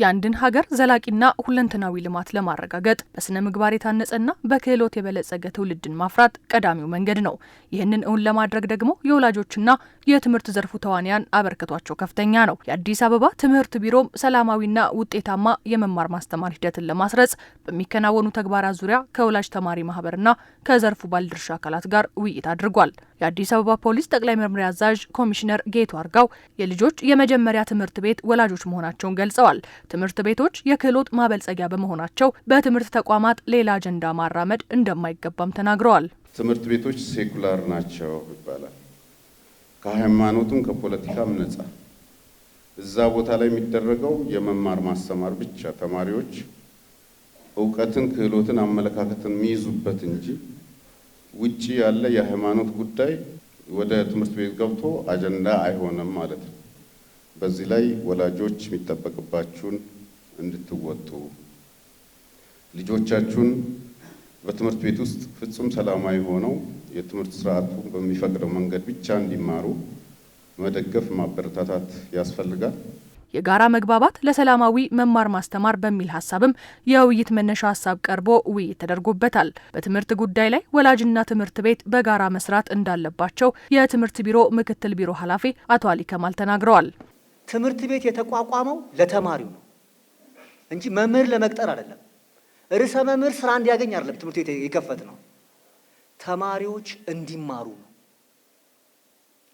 የአንድን ሀገር ዘላቂና ሁለንተናዊ ልማት ለማረጋገጥ በስነ ምግባር የታነጸና በክህሎት የበለጸገ ትውልድን ማፍራት ቀዳሚው መንገድ ነው። ይህንን እውን ለማድረግ ደግሞ የወላጆችና የትምህርት ዘርፉ ተዋንያን አበርክቷቸው ከፍተኛ ነው። የአዲስ አበባ ትምህርት ቢሮም ሰላማዊና ውጤታማ የመማር ማስተማር ሂደትን ለማስረጽ በሚከናወኑ ተግባራት ዙሪያ ከወላጅ ተማሪ ማህበርና ከዘርፉ ባለድርሻ አካላት ጋር ውይይት አድርጓል። የአዲስ አበባ ፖሊስ ጠቅላይ መምሪያ አዛዥ ኮሚሽነር ጌቱ አርጋው የልጆች የመጀመሪያ ትምህርት ቤት ወላጆች መሆናቸውን ገልጸዋል። ትምህርት ቤቶች የክህሎት ማበልጸጊያ በመሆናቸው በትምህርት ተቋማት ሌላ አጀንዳ ማራመድ እንደማይገባም ተናግረዋል። ትምህርት ቤቶች ሴኩላር ናቸው ይባላል። ከሃይማኖትም ከፖለቲካም ነጻ እዛ ቦታ ላይ የሚደረገው የመማር ማስተማር ብቻ ተማሪዎች እውቀትን፣ ክህሎትን፣ አመለካከትን የሚይዙበት እንጂ ውጭ ያለ የሃይማኖት ጉዳይ ወደ ትምህርት ቤት ገብቶ አጀንዳ አይሆንም ማለት ነው። በዚህ ላይ ወላጆች የሚጠበቅባችሁን እንድትወጡ ልጆቻችሁን በትምህርት ቤት ውስጥ ፍጹም ሰላማዊ ሆነው የትምህርት ስርዓቱ በሚፈቅደው መንገድ ብቻ እንዲማሩ መደገፍ ማበረታታት ያስፈልጋል። የጋራ መግባባት ለሰላማዊ መማር ማስተማር በሚል ሀሳብም የውይይት መነሻ ሀሳብ ቀርቦ ውይይት ተደርጎበታል። በትምህርት ጉዳይ ላይ ወላጅና ትምህርት ቤት በጋራ መስራት እንዳለባቸው የትምህርት ቢሮ ምክትል ቢሮ ኃላፊ አቶ አሊ ከማል ተናግረዋል። ትምህርት ቤት የተቋቋመው ለተማሪው ነው እንጂ መምህር ለመቅጠር አይደለም። ርዕሰ መምህር ስራ እንዲያገኝ አይደለም ትምህርት ቤት የከፈት ነው። ተማሪዎች እንዲማሩ ነው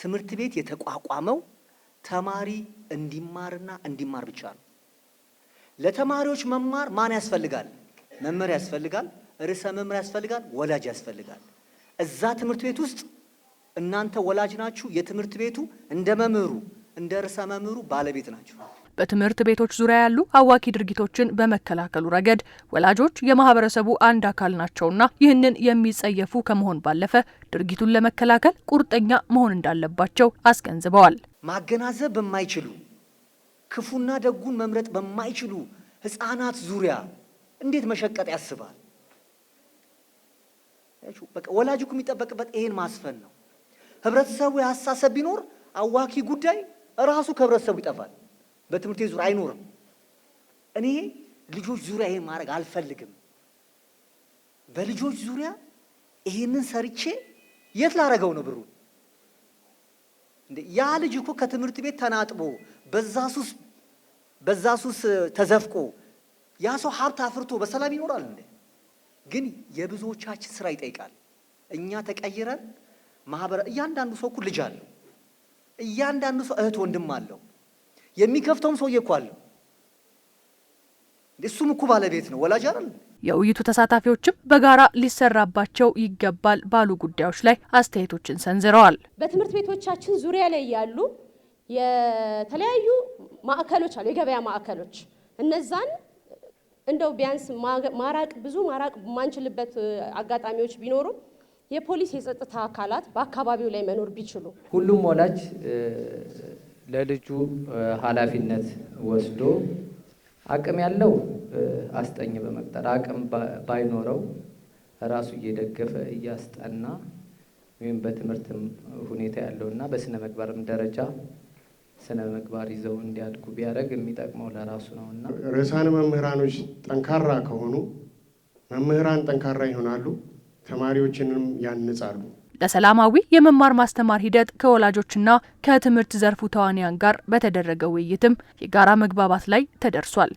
ትምህርት ቤት የተቋቋመው ተማሪ እንዲማርና እንዲማር ብቻ ነው። ለተማሪዎች መማር ማን ያስፈልጋል? መምህር ያስፈልጋል፣ ርዕሰ መምህር ያስፈልጋል፣ ወላጅ ያስፈልጋል። እዛ ትምህርት ቤት ውስጥ እናንተ ወላጅ ናችሁ። የትምህርት ቤቱ እንደ መምህሩ እንደ ርዕሰ መምህሩ ባለቤት ናችሁ። በትምህርት ቤቶች ዙሪያ ያሉ አዋኪ ድርጊቶችን በመከላከሉ ረገድ ወላጆች የማህበረሰቡ አንድ አካል ናቸውና ይህንን የሚጸየፉ ከመሆን ባለፈ ድርጊቱን ለመከላከል ቁርጠኛ መሆን እንዳለባቸው አስገንዝበዋል። ማገናዘብ በማይችሉ ክፉና ደጉን መምረጥ በማይችሉ ህፃናት ዙሪያ እንዴት መሸቀጥ ያስባል? ወላጅ እኮ የሚጠበቅበት ይሄን ማስፈን ነው። ህብረተሰቡ የሀሳሰብ ቢኖር አዋኪ ጉዳይ ራሱ ከህብረተሰቡ ይጠፋል። በትምህርት ቤት ዙሪያ አይኖርም። እኔ ልጆች ዙሪያ ይሄን ማድረግ አልፈልግም። በልጆች ዙሪያ ይሄንን ሰርቼ የት ላረገው ነው ብሩን ያ ልጅ እኮ ከትምህርት ቤት ተናጥቦ በዛ ሱስ ተዘፍቆ ያ ሰው ሀብት አፍርቶ በሰላም ይኖራል እንዴ? ግን የብዙዎቻችን ስራ ይጠይቃል። እኛ ተቀይረን ማህበረ እያንዳንዱ ሰው እኮ ልጅ አለው። እያንዳንዱ ሰው እህት ወንድም አለው። የሚከፍተውም ሰውዬ እኮ አለው። እሱም እኮ ባለቤት ነው፣ ወላጅ አይደል? የውይይቱ ተሳታፊዎችም በጋራ ሊሰራባቸው ይገባል ባሉ ጉዳዮች ላይ አስተያየቶችን ሰንዝረዋል። በትምህርት ቤቶቻችን ዙሪያ ላይ ያሉ የተለያዩ ማዕከሎች አሉ፣ የገበያ ማዕከሎች እነዛን እንደው ቢያንስ ማራቅ ብዙ ማራቅ የማንችልበት አጋጣሚዎች ቢኖሩም የፖሊስ የጸጥታ አካላት በአካባቢው ላይ መኖር ቢችሉ ሁሉም ወላጅ ለልጁ ኃላፊነት ወስዶ አቅም ያለው አስጠኝ በመቅጠር አቅም ባይኖረው ራሱ እየደገፈ እያስጠና ወይም በትምህርት ሁኔታ ያለው እና በስነ ምግባርም ደረጃ ስነ ምግባር ይዘው እንዲያድጉ ቢያደርግ የሚጠቅመው ለራሱ ነው እና ርዕሳነ መምህራኖች ጠንካራ ከሆኑ መምህራን ጠንካራ ይሆናሉ፣ ተማሪዎችንም ያንጻሉ። ለሰላማዊ የመማር ማስተማር ሂደት ከወላጆችና ከትምህርት ዘርፉ ተዋንያን ጋር በተደረገ ውይይትም የጋራ መግባባት ላይ ተደርሷል።